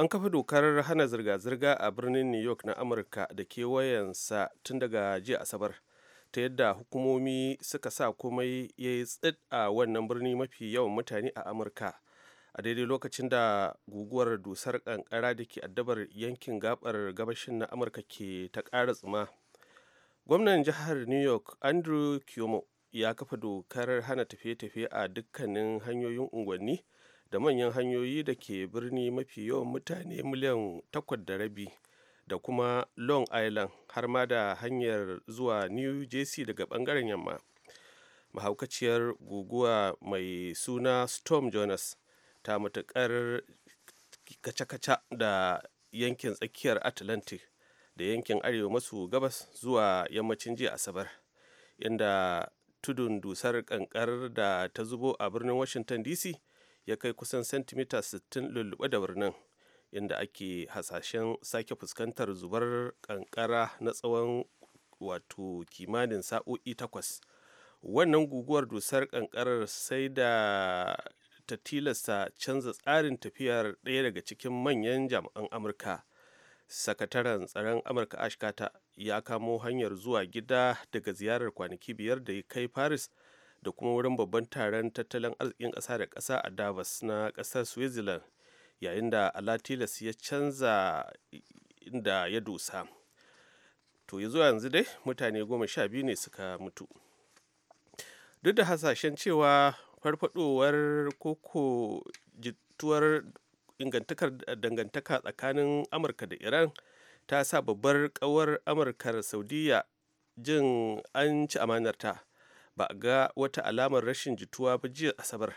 an kafa dokar hana zirga-zirga a birnin new york na amurka da kewayensa tun daga jiya asabar ta yadda hukumomi suka sa komai ya yi tsit a wannan birni mafi yawan mutane a amurka a daidai lokacin da guguwar dusar kankara da ke addabar yankin gabar gabashin na amurka ke ta ƙara tsima gwamnan jihar new york andrew cuomo ya kafa dokar hana tafiye-tafiye a dukkanin hanyoyin unguwanni da manyan hanyoyi da ke birni mafi yawan mutane miliyan takwas da rabi da kuma long island har ma da hanyar zuwa new jersey daga bangaren yamma mahaukaciyar guguwa mai suna storm jonas ta matuƙar kaca-kaca da yankin tsakiyar atlantic da yankin arewa masu gabas zuwa yammacin jiya asabar inda tudun dusar kankar da ta zubo a birnin washington dc ya kai kusan sentimita 60 lullube da birnin inda ake hasashen sake fuskantar zubar kankara na tsawon wato kimanin sa'o'i takwas wannan guguwar dusar kankarar sai da ta tilasta canza tsarin tafiyar ɗaya daga cikin manyan jami'an amurka sakataren tsaron amurka ashkata ya kamo hanyar zuwa gida daga ziyarar kwanaki biyar da ya kai paris da kuma wurin babban taron tattalin arzikin ƙasa da ƙasa a davos na ƙasar switzerland yayin da alatilas ya canza inda ya dusa to ya zuwa yanzu dai mutane goma sha biyu ne suka mutu duk da hasashen cewa farfadowar koko jituwar dangantaka tsakanin amurka da iran ta sa babbar kawar amurkar saudiya jin an ci amanarta ba a ga wata alamar rashin jituwa ba jiya asabar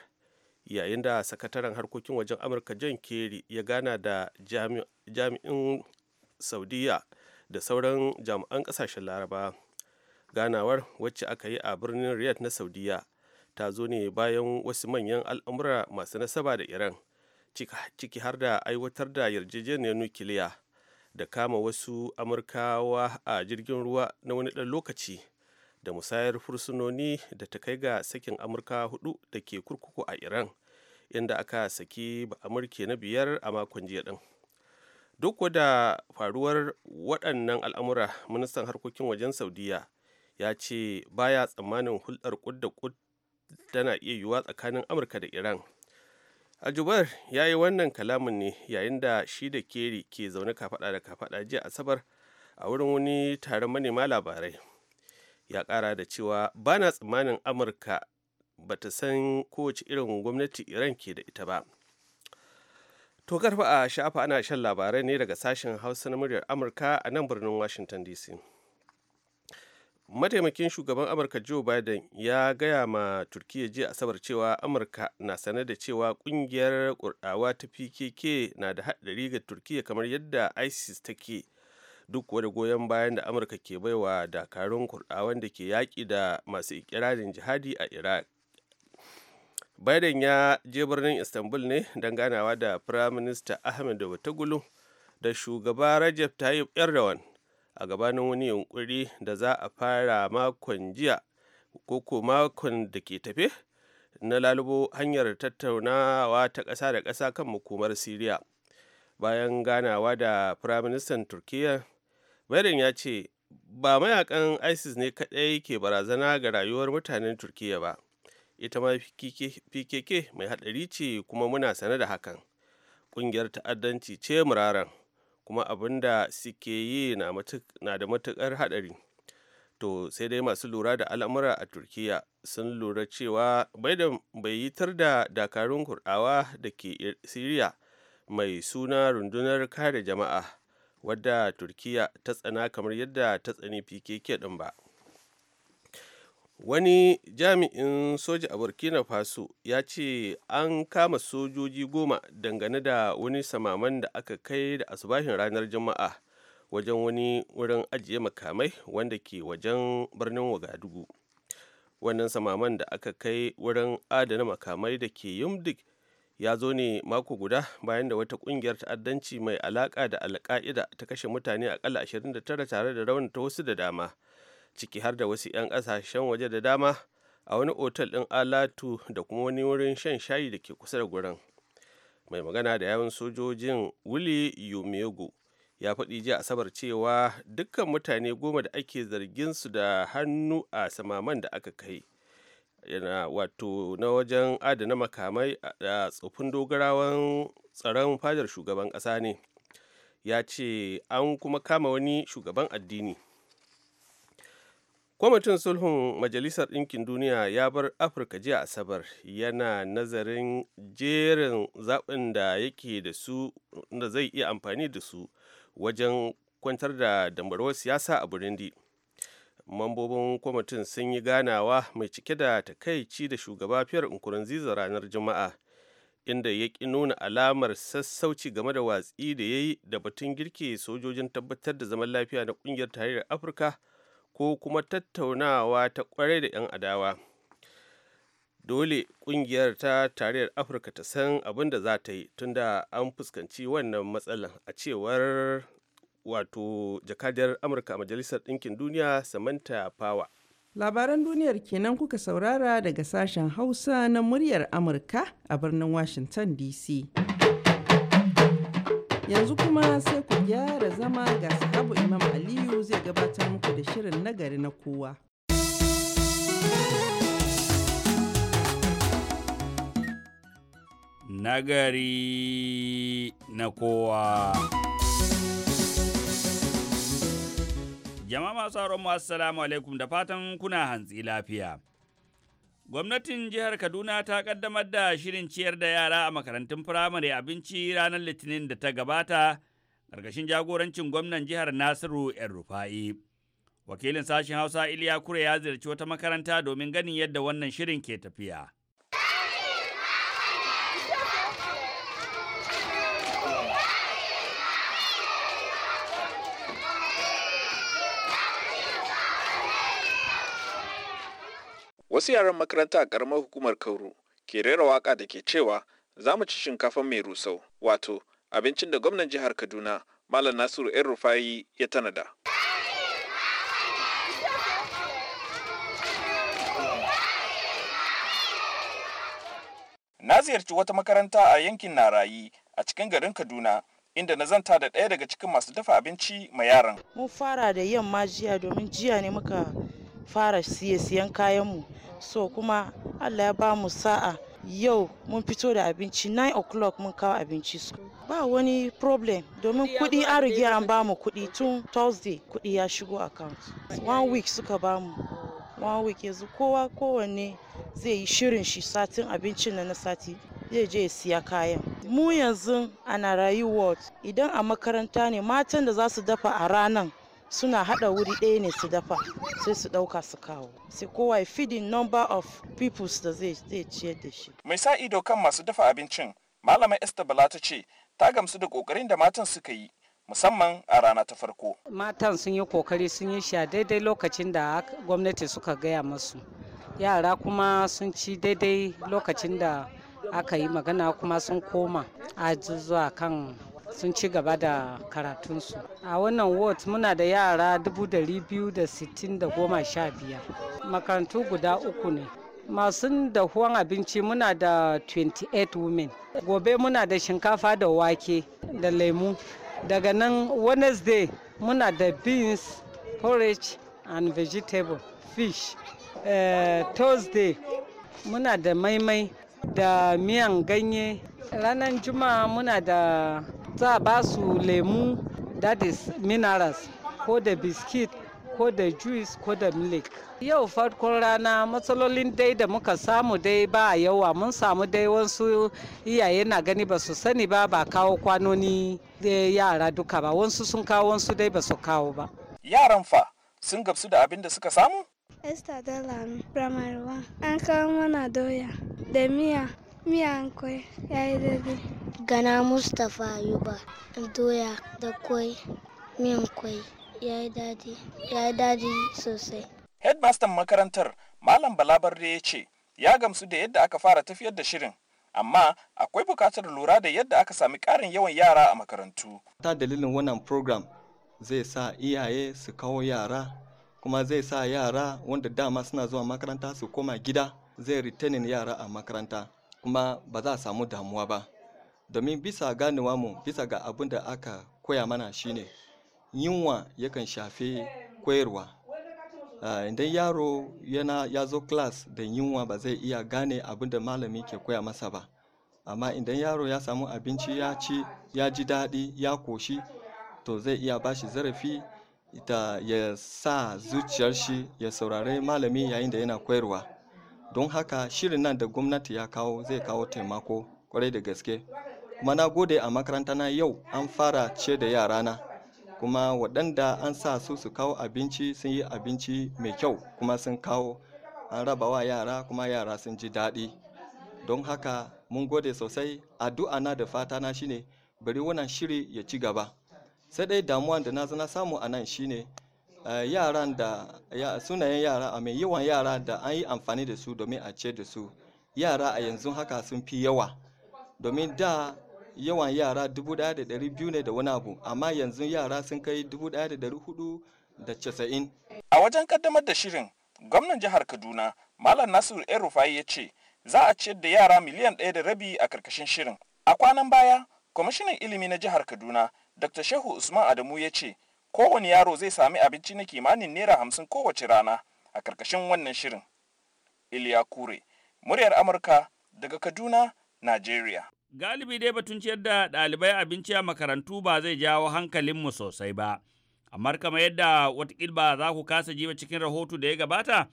yayin da sakataren harkokin wajen amurka john kerry ya gana da jami'in saudiya da sauran jami'an kasashen laraba ganawar wacce aka yi a birnin riyadh na saudiya ta zo ne bayan wasu manyan al'amura masu nasaba da iran ciki har da aiwatar da yarjejeniyar nukiliya da kama wasu amurkawa a jirgin ruwa na wani ɗan lokaci da musayar fursunoni da ta kai ga sakin amurka hudu da ke kurkuku a iran inda aka saki amurke na biyar a makon jiya din duk da faruwar waɗannan al'amura ministan harkokin wajen saudiya ya ce baya tsammanin hulɗar kud kud tana iya yiwuwa tsakanin amurka da iran aljubar ya yi wannan kalamin ne yayin da shi da keri ke zaune kafaɗa da kafaɗa jiya asabar a wurin wani taron manema labarai ya kara da cewa ba na tsammanin amurka ba ta san kowace irin gwamnati iran ke da ita ba to karfa a shafa ana shan labarai ne daga sashen hausa na muryar amurka a nan birnin washington dc mataimakin shugaban amurka joe biden ya gaya ma turkiyya jiya asabar cewa amurka na sane da cewa kungiyar kurdawa ta pkk na da haɗari ga turkiya kamar yadda isis take duk wani goyon bayan da amurka ke baiwa dakarun kurdawan da ke yaƙi da masu ikirarin jihadi a iraq biden ya je birnin istanbul ne don ganawa da firaminista ahmed Batagulu da shugaba rajab tayyip erdogan a gabanin wani yunkuri da za a fara makon jiya ko ko makon da ke tafe na lalubo hanyar tattaunawa ta ƙasa da ƙasa kan makomar siriya bayan ganawa da firaministan turkiyya biden ya ce ba mayakan isis ne kaɗai ke barazana ga rayuwar mutanen turkiya ba ita ma pkk mai haɗari ce kuma muna sane da hakan ƙungiyar ta'addanci ce muraran kuma abin da suke yi na da matukar haɗari to sai dai masu lura da al'amura a turkiya sun lura cewa biden bai yitar da dakarun kurɗawa da ke siriya mai suna rundunar kare jama'a wadda turkiya ta tsana kamar yadda ta tsani pkk din ba wani jami'in soja a burkina faso ya ce an kama sojoji goma dangane da wani samaman da aka kai da asubahin ranar juma'a wajen wani wurin ajiye makamai wanda ke wajen birnin wagadugu wannan samaman da aka kai wurin adana makamai da ke yumdik ya zo ne mako guda bayan da wata kungiyar ta'addanci mai alaka da alka'ida ta kashe mutane akalla 29 tare da ta wasu da dama ciki har da wasu 'yan kasashen waje da dama a wani otal ɗin alatu da kuma wani wurin shan shayi da ke kusa da gurin mai magana da yawan sojojin wuli yumego ya faɗi jiya asabar cewa dukkan mutane goma da ake zargin su da hannu a samaman da aka kai yana wato na wajen adana makamai da tsofin dogarawan tsaron fadar shugaban ƙasa ne ya ce an kuma kama wani shugaban addini kwamitin sulhun majalisar ɗinkin duniya ya bar afirka jiya asabar yana nazarin jerin zaɓin da yake da su da zai iya amfani da su wajen kwantar da dambarwar siyasa a burundi mambobin kwamitin sun yi ganawa mai cike da takaici da shugaba fiyar nkurunziza ranar juma'a inda ya ki nuna alamar sassauci game da watsi da ya yi da batun girke sojojin tabbatar da zaman lafiya na ƙungiyar tarayyar afirka ko kuma tattaunawa ta kwarai da 'yan adawa dole ƙungiyar ta tarayyar afirka ta san abin da za ta yi tunda an fuskanci wannan matsalar a cewar wato jakadiyar amurka a majalisar ɗinkin duniya samantha power labaran duniyar kenan kuka saurara daga sashen hausa na muryar amurka a birnin washington dc yanzu kuma sai ku gyara zama ga sahabu imam aliyu zai gabatar muku da shirin nagari na kowa nagari na kowa Jama'a masu sauran mu assalamu alaikum da fatan kuna hantsi lafiya. Gwamnatin jihar Kaduna ta kaddamar da shirin ciyar da yara a makarantun firamare abinci ranar Litinin da ta gabata ƙarƙashin jagorancin gwamnan jihar Nasiru ‘yan Rufa'i. Wakilin sashen Hausa Iliya Kure ya ziyarci wata makaranta domin ganin yadda wannan shirin ke tafiya. Wasu yaran makaranta a ƙaramar hukumar Kauru ke rera waka da ke cewa za mu ci shinkafa mai rusau, wato abincin da gwamnan jihar Kaduna Malam Nasiru 'yan Rufayi ya tanada. Na ziyarci wata makaranta a yankin Narayi a cikin garin Kaduna inda na zanta da ɗaya daga cikin masu dafa abinci ma yaran. Mun fara da yamma jiya domin jiya ne muka fara siye siyan mu. so kuma allah ya ba mu sa'a yau mun fito da abinci 9 o'clock mun kawo abinci su ba wani problem domin kudi an rige an ba mu kudi tun thursday kudi ya shigo account one week suka ba mu one week yanzu kowa kowanne zai yi shirin shi satin abincin na na sati zai je ya siya kayan mu yanzu ana rayuwa idan a makaranta ne matan da za su dafa a ranan suna hada wuri ɗaya ne su dafa sai su ɗauka su kawo sai kowa ya feeding number of peoples da zai ciyar da shi mai sa ido kan masu dafa abincin malama esther bala ta ce ta gamsu da kokarin da matan suka yi musamman a rana ta farko matan sun yi kokari sun yi shi a daidai lokacin da gwamnati suka gaya masu yara kuma sun ci daidai lokacin da aka yi magana kuma sun koma a zuwa kan sun ci gaba da karatunsu a wannan ward muna da yara 260,015 makarantu guda uku ne masu dahuwan abinci muna da 28 women gobe muna da shinkafa da wake da lemu daga nan wednesday muna da beans porridge and vegetable fish uh, thursday muna da maimai da miyan ganye ranar juma'a muna da za a ba su lemu that is minerals ko da biskit ko da juice ko da milk yau farkon rana matsalolin dai da muka samu dai ba a yawa mun samu dai wasu iyaye na gani ba su sani ba ba kawo kwanoni yara duka ba wasu sun kawo wasu dai ba su kawo ba yaran fa sun gamsu da abin da suka samu Esther Dalam, Primary 1. An kawo mana doya da miya Miyankoi ya yi daidai. Gana Mustapha Yuba doya da kwai miyan kwai ya yi daɗi sosai. Headmaster makarantar Malam Balabarde ya ce ya gamsu da yadda aka fara tafiyar da shirin amma akwai buƙatar lura da yadda aka sami ƙarin yawan yara a makarantu. Ta dalilin wannan program zai sa iyaye su kawo yara kuma zai sa yara wanda dama suna zuwa makaranta su koma gida zai retaining yara a makaranta. kuma ba za a samu damuwa ba domin bisa ganewa mu bisa ga abin da aka koya mana shine yunwa yakan shafi koyarwa idan yaro yana ya zo class da yunwa ba zai iya gane abin da malami ke koya masa ba amma idan yaro ya samu abinci ya ci ya ji daɗi ya koshi to zai iya bashi zarafi ita ya sa zuciyar shi ya saurari malami yayin da yana koyarwa don haka shirin nan da gwamnati ya kawo zai kawo taimako kwarai da gaske kuma na gode a makaranta na yau an fara ce da yara na kuma waɗanda an sa su su kawo abinci sun yi abinci mai kyau kuma sun kawo an raba wa yara kuma yara sun ji daɗi don haka mun gode sosai addu'a na da fata na shine bari wannan shiri ya ci gaba sai dai damuwa da na samu a nan shine Eh, yaran da sunayen yara a mai yawan yara da an yi amfani da su domin a ce da su yara a yanzu haka sun fi yawa domin da yawan yara 1,200 ne da wani abu amma yanzu yara sun kai casa'in. a wajen kaddamar da shirin gwamnan jihar kaduna malam nasiru el rufai ya ce za a ciyar da yara miliyan ɗaya da rabi a karkashin shirin a kwanan baya kwamishinan ilimi na jihar kaduna dr shehu usman adamu ya ce kowane yaro zai sami abinci na kimanin naira hamsin kowace rana a karkashin wannan shirin iliya kure muryar amurka daga kaduna Najeriya. galibi dai batun ciyar da ɗalibai abinci a makarantu ba zai jawo hankalinmu sosai ba amma kamar yadda watakil ba za ku kasa jiba cikin rahoto da ya gabata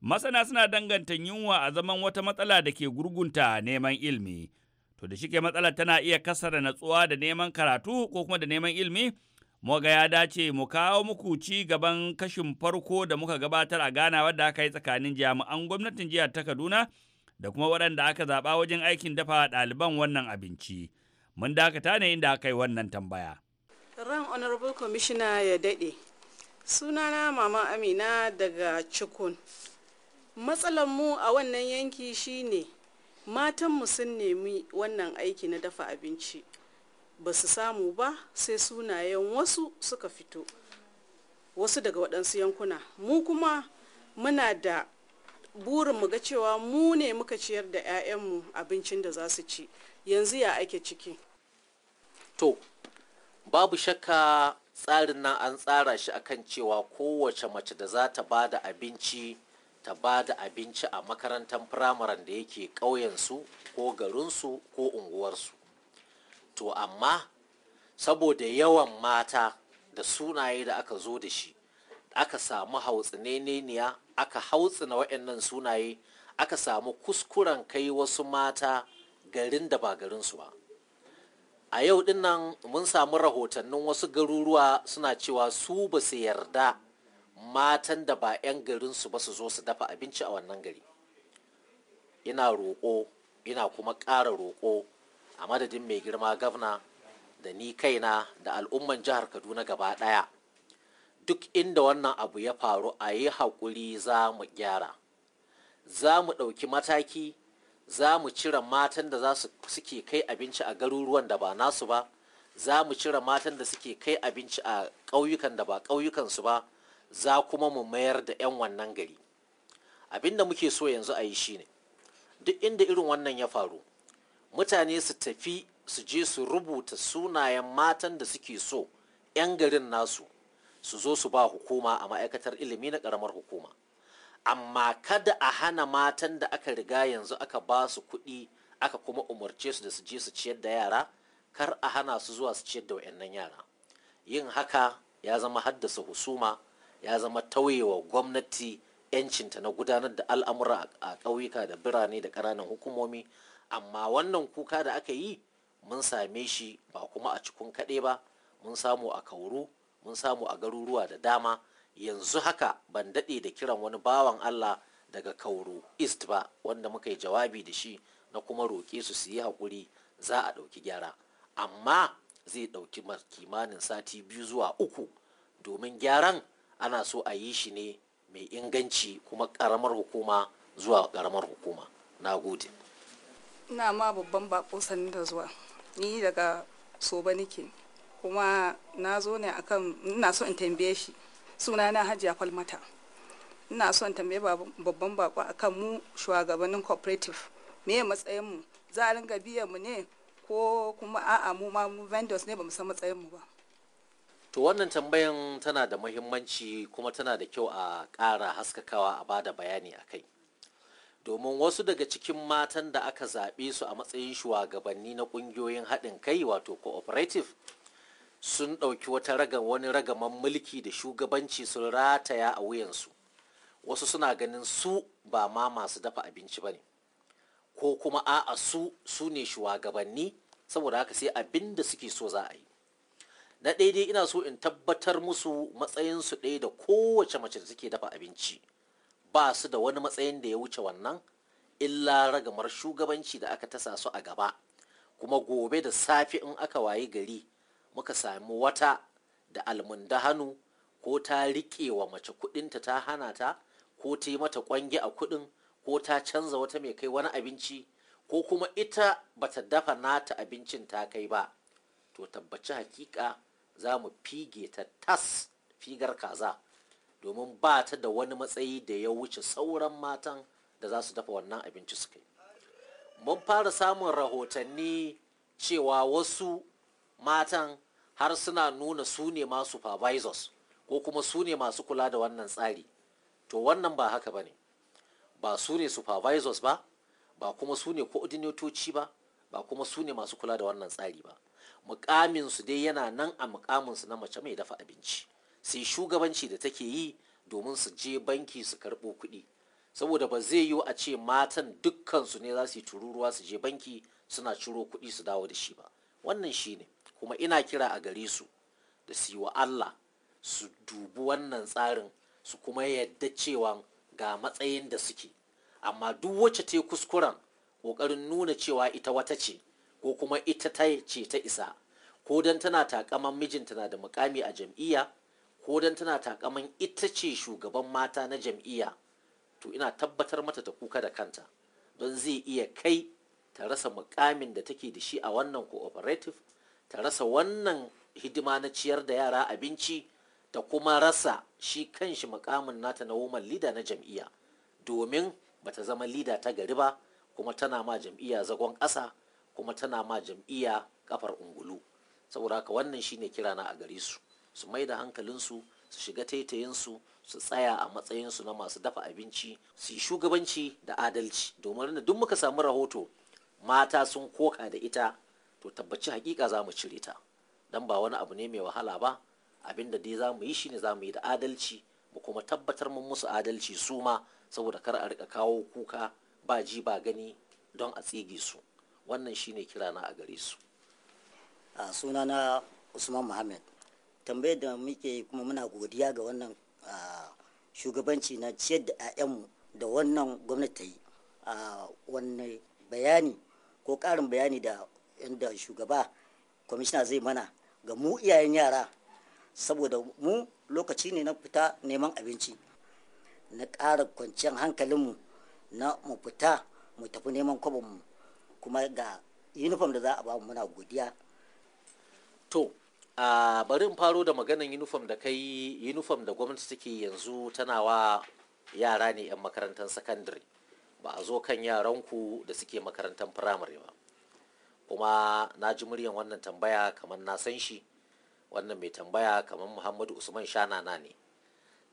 masana suna danganta yunwa a zaman wata matsala da ke gurgunta neman ilmi to da shike matsala tana iya kasara natsuwa da neman karatu ko kuma da neman ilmi Muga ya dace mu kawo muku ci gaban kashin farko da muka gabatar a Ghana wadda aka yi tsakanin jami'an gwamnatin jihar ta Kaduna da kuma waɗanda aka zaɓa wajen aikin dafa ɗaliban wannan abinci. Mun dakata ne inda aka yi wannan tambaya. Ran Honorable Commissioner ya daɗe. Sunana Mama Amina daga Cikun. Matsalar mu a wannan yanki shine matanmu sun nemi wannan aiki na dafa abinci. ba su samu ba sai sunayen wasu suka fito wasu daga waɗansu yankuna mu kuma muna da burin mu ga cewa mu ne muka ciyar da 'ya'yanmu abincin da za su ci yanzu ya ake ciki to babu shakka tsarin nan an tsara shi akan cewa kowace mace da za ta ba da abinci ta ba da abinci a makarantar firamaren da yake ƙauyensu ko garinsu ko unguwarsu to amma saboda yawan mata da sunaye da aka zo da shi aka samu hautsineniya aka hautsina waɗannan sunaye aka samu kuskuren kai wasu mata garin da ba garinsu ba a yau nan mun samu rahotannin wasu garuruwa suna cewa su ba su yarda matan da ba 'yan garinsu ba su zo su dafa abinci a wannan gari ina roƙo ina kuma ƙara roƙo a madadin mai girma gavna da ni kaina da al'umman jihar kaduna gaba ɗaya duk inda wannan abu ya faru a yi haƙuri za mu gyara za mu ɗauki mataki za mu cire matan da za su suke kai abinci a garuruwan da ba nasu ba za mu cire matan da suke kai abinci a ƙauyukan da ba ƙauyukan su ba za kuma mu mayar da 'yan wannan gari Abinda muke so yanzu a yi shine duk inda irin wannan ya faru mutane su tafi su je su rubuta sunayen matan da suke so 'yan garin nasu su zo su ba hukuma a ma'aikatar ilimi na ƙaramar hukuma amma kada a hana matan da aka riga yanzu aka ba su kuɗi aka kuma umarce su da su je su ciyar da yara kar a hana su zuwa su ciyar da wayannan yara yin haka ya zama haddasa husuma ya zama tauyewa gwamnati 'yancinta na gudanar da al'amura a ƙauyuka da birane da ƙananan hukumomi amma wannan kuka da aka yi mun same shi ba kuma a cikin kaɗai ba mun samu a kauru mun samu a garuruwa da dama yanzu haka ban daɗe da kiran wani bawan allah daga kauru east ba wanda muka yi jawabi da shi na kuma roƙe su su yi haƙuri za a ɗauki gyara amma zai ɗauki kimanin sati biyu zuwa uku domin gyaran ana so a yi shi ne mai inganci kuma ƙaramar hukuma zuwa ƙaramar hukuma na gode ina ma babban bako sanin da zuwa ni daga soba nike kuma na zo ne akan ina so in tambaye shi suna na hajiya falmata ina so in tambaye babban bako akan mu shugabannin cooperative me matsayin mu za a ringa biyan mu ne ko kuma a'a mu ma mu vendors ne ba mu san matsayin mu ba to wannan tambayan tana da muhimmanci kuma tana da kyau a ƙara haskakawa a bada bayani akai domin wasu daga cikin matan da aka zaɓe su a matsayin shugabanni na ƙungiyoyin haɗin kai wato cooperative sun ɗauki wata ragan wani ragaman mulki da shugabanci sun rataya a wuyansu wasu suna ganin su ba ma masu dafa abinci ba ne ko kuma a'a su su ne shugabanni saboda haka sai abin da suke so za a yi na dai-dai ina so in tabbatar musu matsayinsu ɗaya da kowace mace da suke dafa abinci ba su da wani matsayin da ya wuce wannan illa ragamar shugabanci da aka tasa su a gaba kuma gobe da safe in aka wayi gari muka sami wata da almundahanu ko ta riƙe wa mace kuɗinta ta hana ta ko ta yi mata ƙwange a kuɗin ko ta canza wata mai kai wani abinci ko kuma ita bata dafa nata abincin ta kai ba to tabbaci hakika za mu fige ta tas figar kaza domin ba ta da wani matsayi da ya wuce sauran matan da za su dafa wannan abinci su kai mun fara samun rahotanni cewa wasu matan har suna nuna su ne masu supervisors ko kuma su ne masu kula da wannan tsari to wannan ba haka ba ne ba su ne supervisors ba ba kuma su ne coordinatoci ba ba kuma su ne masu kula da wannan tsari ba mukaminsu dai yana nan a mukaminsu na mace mai dafa abinci sai shugabanci da take yi domin su je banki su karɓo kuɗi saboda ba zai yiwu a ce matan dukkansu ne za su yi tururuwa su je banki suna ciro kuɗi su dawo da shi ba wannan shi ne kuma ina kira a gare su da su yi wa Allah su dubi wannan tsarin su kuma yadda cewa ga matsayin da suke amma duk wacce ta yi kuskuren ƙoƙarin nuna cewa ita wata ce ko kuma ita ta ce ta isa ko don tana takaman mijinta na da mukami a jam'iyya ko dan tana takaman ita ce shugaban mata na jam'iyya to ina tabbatar mata ta kuka da kanta don zai iya kai ta rasa mukamin da take da shi a wannan cooperative ta rasa wannan hidima na ciyar da yara abinci ta kuma rasa shi kanshi mukamin nata na woman leader na jam'iyya domin bata zama leader ta gari ba kuma tana ma jam'iyya zagon ƙasa kuma tana ma jam'iyya kafar ungulu saboda haka wannan shine kirana a gare su su mai da hankalinsu su shiga taitayinsu su tsaya a matsayinsu na masu dafa abinci su yi shugabanci da adalci domin da duk muka samu rahoto mata sun koka da ita to tabbaci hakika za mu cire ta don ba wani abu ne mai wahala ba abin da dai za mu yi shine za mu yi da adalci mu kuma tabbatar mun musu adalci su ma saboda kar a rika kawo kuka ba ji ba gani don a tsige su wannan shine kirana a gare su sunana usman muhammad tambayar da muke kuma muna godiya ga wannan shugabanci na ciyar da 'ya'yanmu da wannan gwamnati ta yi wannan bayani ko karin bayani da inda shugaba kwamishina zai mana ga mu iyayen yara saboda mu lokaci ne na fita neman abinci na ƙara kwanciyar hankalinmu na mu fita mu tafi neman kwabinmu kuma ga uniform da za a ba muna godiya to a bari in faro da maganin uniform da kai uniform da gwamnati take yanzu tana wa yara ne 'yan makarantar secondary ba a zo kan yaranku da suke makarantar primary ba kuma na ji muryan wannan tambaya kamar na san shi wannan mai tambaya kamar muhammadu usman shanana ne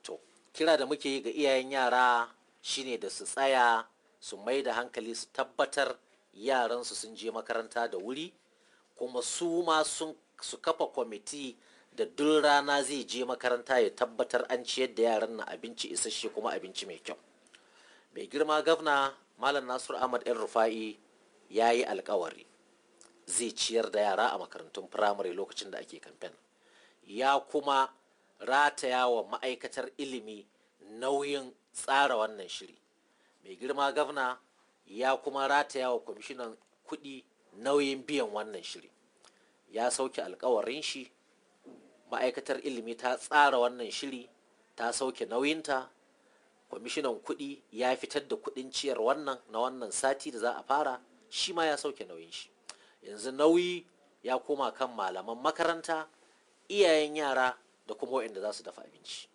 to kira da muke yi ga iyayen yara shine da su tsaya su mai da hankali su tabbatar yaransu sun je makaranta da wuri kuma su ma sun su kafa kwamiti da duk rana zai je makaranta ya tabbatar an ciyar da yaran na abinci isasshe kuma abinci mai kyau mai girma gavna malam Nasiru ahmad yan rufa'i ya yi alkawari zai ciyar da yara a makarantun firamare lokacin da ake kamfen ya kuma rataya wa ma'aikatar ilimi nauyin tsara wannan shiri mai girma gavna ya kuma rataya wa kwamishinan kuɗi nauyin biyan wannan shiri ya sauke alkawarin shi ma'aikatar ilimi ta tsara wannan shiri ta sauke nauyinta kwamishinan kuɗi ya fitar da kuɗin ciyar wannan na wannan sati da za a fara shi ma ya sauke nauyin shi yanzu nauyi ya koma kan malaman makaranta iyayen yara da kuma wa'inda za su dafa abinci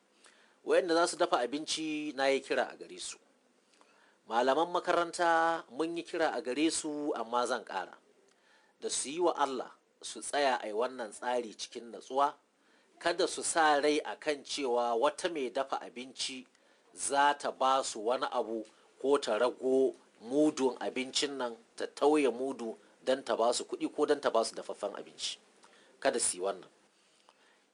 Wa'inda za su dafa abinci na yi kira a gare su malaman makaranta mun yi kira a gare su amma zan ƙara da su yi wa allah su tsaya a wannan tsari cikin natsuwa kada su sa rai a kan cewa wata mai dafa abinci za ta ba su wani abu ko ta rago mudun abincin nan ta tauye mudu don ta ba su kuɗi ko don ta ba su dafaffen abinci kada su yi wannan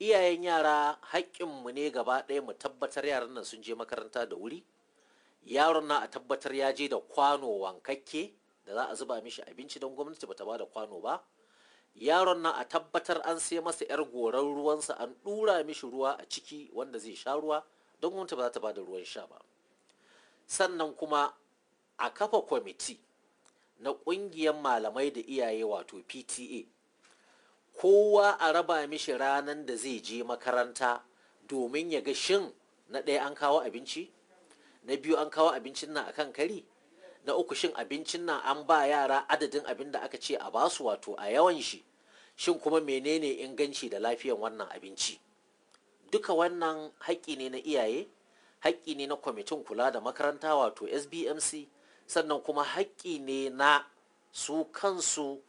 iyayen yara haƙƙinmu ne gaba ɗaya mu tabbatar yaran nan sun je makaranta da wuri yaron na a tabbatar ya je da kwano wankakke da za a zuba mishi abinci don gwamnati bata ba da kwano ba yaron nan a tabbatar an sai masa yar goran ruwansa an dura mishi ruwa a ciki wanda zai sha ruwa don wata ba za ta bada ruwan sha ba sannan kuma a kafa kwamiti na ƙungiyar malamai da iyaye wato pta kowa a raba mishi ranar da zai je makaranta domin ya ga shin na ɗaya an kawo abinci na biyu an kawo abincin nan a kan kari na uku shin abincin nan an ba yara adadin abin da aka ce a basu wato a yawan shi shin kuma menene inganci da lafiyan wannan abinci duka wannan haƙƙi ne na iyaye haƙƙi ne na kwamitin kula da makaranta wato sbmc sannan kuma haƙƙi ne na su kansu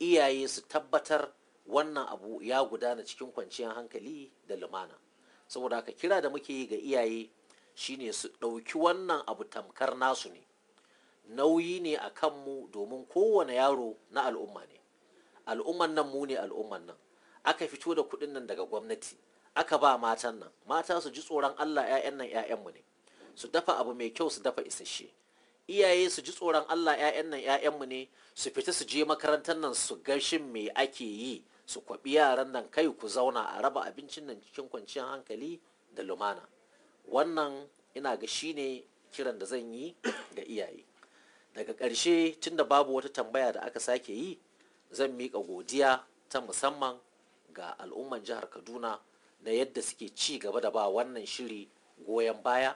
iyaye su tabbatar wannan abu ya gudana cikin kwanciyar hankali da lumana saboda haka kira da muke yi ga iyaye shine su ɗauki wannan abu tamkar nasu ne nauyi ne a kanmu domin kowane yaro na al'umma ne al'umman nan mu ne al'umman nan aka fito da kuɗin nan daga gwamnati aka ba matan nan mata su ji tsoron allah 'ya'yan nan 'ya'yanmu ne su dafa abu mai kyau su dafa isasshe iyaye su ji tsoron allah 'ya'yan nan 'ya'yanmu ne su fita su je makarantar nan su gashin me ake yi su kwaɓi yaran nan kai ku zauna a raba abincin nan cikin kwanciyar hankali da lumana wannan ina ga shine kiran da zan yi ga iyaye daga ƙarshe da babu wata tambaya da aka sake yi zan miƙa godiya ta musamman ga al'umman jihar kaduna na yadda suke ci gaba da ba wannan shiri goyon baya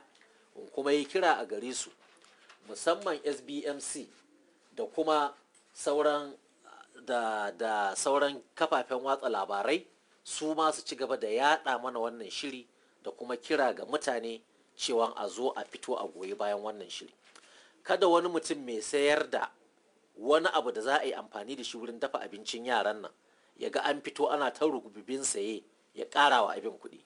kuma yi kira a gare su musamman sbmc da kuma sauran da, da sauran kafafen watsa labarai su ma su ci gaba da yada mana wannan shiri da kuma kira ga mutane cewa a zo a fito a goyi bayan wannan shiri kada wani mutum mai sayar da wani abu da za a yi amfani da shi wurin dafa abincin yaran nan ya ga an fito ana ta rububin saye ya ƙara wa abin kuɗi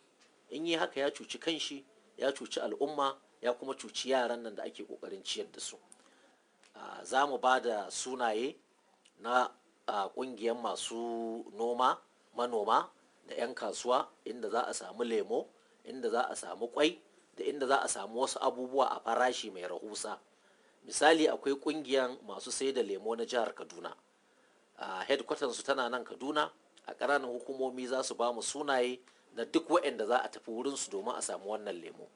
in yi haka ya cuci kanshi ya cuci al'umma ya kuma cuci yaran nan da ake ƙoƙarin ciyar da su za mu ba da sunaye na ƙungiyar masu noma manoma da 'yan kasuwa inda za a samu lemo inda za a samu kwai da inda za a samu wasu abubuwa a farashi mai rahusa misali akwai kungiyan masu sai da lemo na jihar kaduna a headquarter su tana nan kaduna a ƙananan hukumomi za su ba mu sunaye na duk waɗanda za a tafi wurin su domin a samu wannan lemo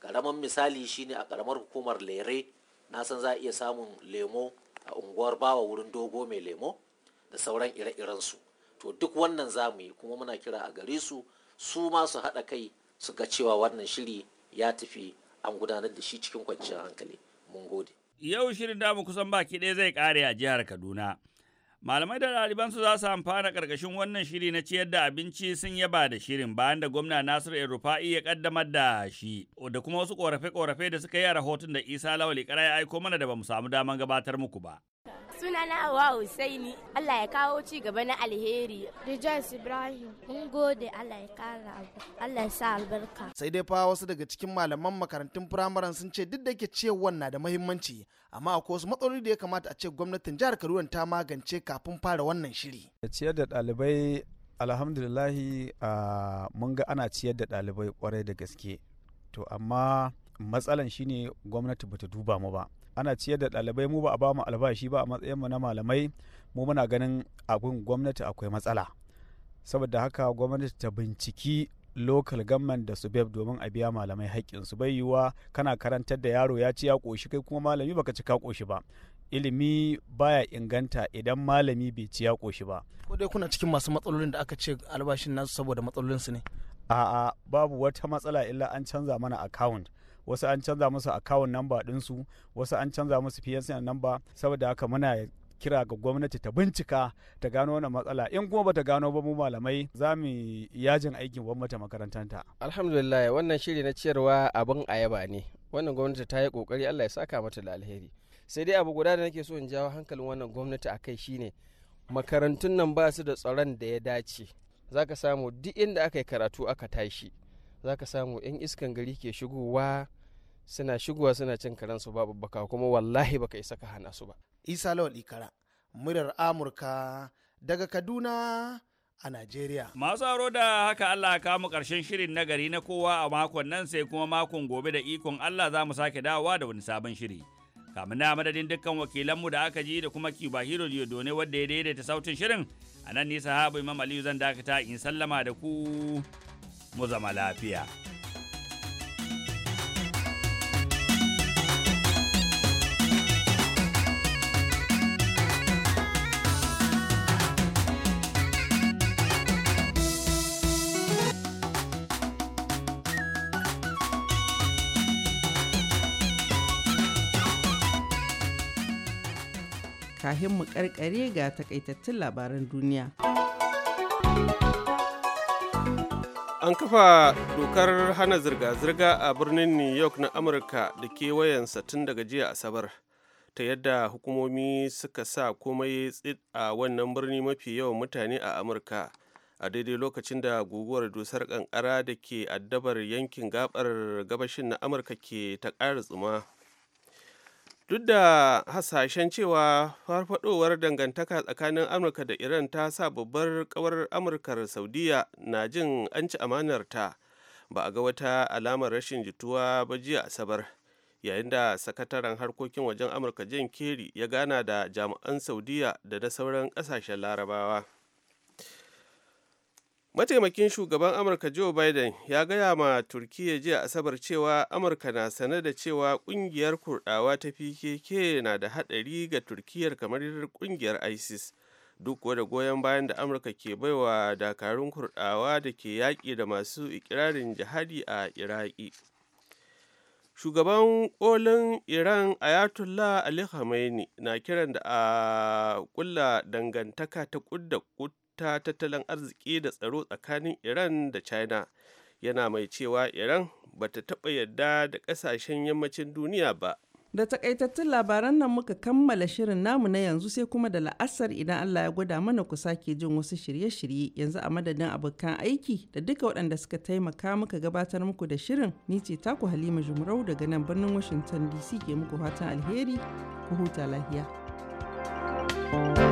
ƙaramin misali shine a ƙaramar hukumar lere na san za a iya samun lemo a unguwar bawa wurin dogo mai lemo da sauran ire iren su to duk wannan za mu yi kuma muna kira a gare su su ma su haɗa kai su ga cewa wannan shiri ya tafi an gudanar da shi cikin kwanciyar hankali mun gode yau shirin damu kusan baki ɗaya zai kare a jihar Kaduna. Malamai da ɗalibansu za su amfana ƙarƙashin wannan shiri na ciyar da abinci sun yaba da shirin bayan da gwamna Nasiru El Rufa'i ya ƙaddamar da shi da kuma wasu ƙorafe-ƙorafe da suka yi a rahoton da Isa Lawali ya aiko mana da bamu samu damar gabatar muku ba. Sunana wa Husaini. Allah ya kawo ci gaba na alheri. Rejoice Ibrahim. Mun gode Allah ya kara Allah ya sa albarka. Sai dai fa wasu daga cikin malaman makarantun firamaren sun ce duk da ke cewan na da mahimmanci amma akwai wasu matsaloli da ya kamata a ce gwamnatin jihar Kaduna ta magance kafin fara wannan shiri. Ciyar da ɗalibai alhamdulillahi ah, mun ga ana ciyar da ɗalibai kwarai da gaske. To amma matsalan shine gwamnati bata duba mu ba ana ciyar da ɗalibai mu ba a bamu albashi ba a matsayin mu na malamai mu muna ganin abin gwamnati akwai matsala saboda haka gwamnati ta binciki local government da su subeb domin a biya malamai haƙƙin su bai yiwuwa kana karantar da yaro ya ci ya koshi kai kuma malami baka ci ka koshi ba ilimi baya inganta idan malami bai ci ya koshi ba ko dai kuna cikin masu matsalolin da aka ce albashin nasu saboda matsalolin su ne a'a babu wata matsala illa an canza mana account wasu an canza musu akawun namba ɗinsu wasu an canza musu psn namba saboda haka muna kira ga gwamnati ta bincika ta gano wannan matsala in kuma bata gano ba mu malamai za mu yajin aikin gwamnati makarantanta alhamdulillah wannan shiri na ciyarwa abin ayaba ne wannan gwamnati ta yi kokari Allah ya saka mata da alheri sai dai abu guda da nake so in jawo hankalin wannan gwamnati a kai shine makarantun nan ba su da tsaron da ya dace zaka samu duk inda aka yi karatu aka tashi za ka samu 'yan iskan gari ke shigowa suna shigowa suna cin karansu babu baka kuma wallahi baka isa ka hana su ba isa lawal ikara muryar amurka daga kaduna a Najeriya. Masu aro da haka Allah ka mu karshen shirin na gari na kowa a makon nan sai kuma makon gobe da ikon Allah za mu sake dawowa da wani sabon shiri. Kamun na madadin dukkan wakilanmu da aka ji da kuma Kiba Hiro ne wanda ya daidaita sautin shirin a nan nisa habu Imam Aliyu zan dakata in sallama da ku mu zama lafiya. kahin mu karkare ga takaitattun labaran duniya. an kafa dokar hana zirga-zirga a birnin new york na amurka da kewayensa tun daga jiya asabar ta yadda hukumomi suka sa komai tsit a wannan birni mafi yawan mutane a amurka a daidai lokacin da guguwar dusar kankara da ke addabar yankin gabar gabashin na amurka ke ta ƙara tsuma duk da hasashen cewa farfadowar dangantaka tsakanin amurka da iran ta sa babbar kawar amurkar saudiya na jin an ci ta ba a ga wata alamar rashin jituwa ba jiya asabar yayin da sakataren harkokin wajen amurka jan kerry ya gana da jami'an saudiya da na sauran kasashen larabawa mataimakin shugaban amurka joe biden ya gaya ma turkiyya jiya asabar cewa amurka na sane da cewa kungiyar kurdawa ta pkk na da hadari ga turkiyyar kamar kungiyar isis duk da goyon bayan da amurka ke baiwa dakarun kurdawa da ke yaƙi da masu ikirarin jihadi a iraki shugaban kolin iran ayatollah ali khamenei na kiran da a kulla dangantaka ta kudda ta tattalin arziki da tsaro tsakanin iran da china yana mai cewa iran ba ta taɓa yarda da ƙasashen yammacin duniya ba da takaitattun labaran nan muka kammala shirin namu na yanzu sai kuma da la'asar idan allah ya gwada mana ku sake jin wasu shirye-shirye yanzu a madadin abokan aiki da duka waɗanda suka taimaka muka gabatar muku da shirin ni ce taku halima jumrau daga nan birnin washington dc ke muku fatan alheri ku huta lahiya thank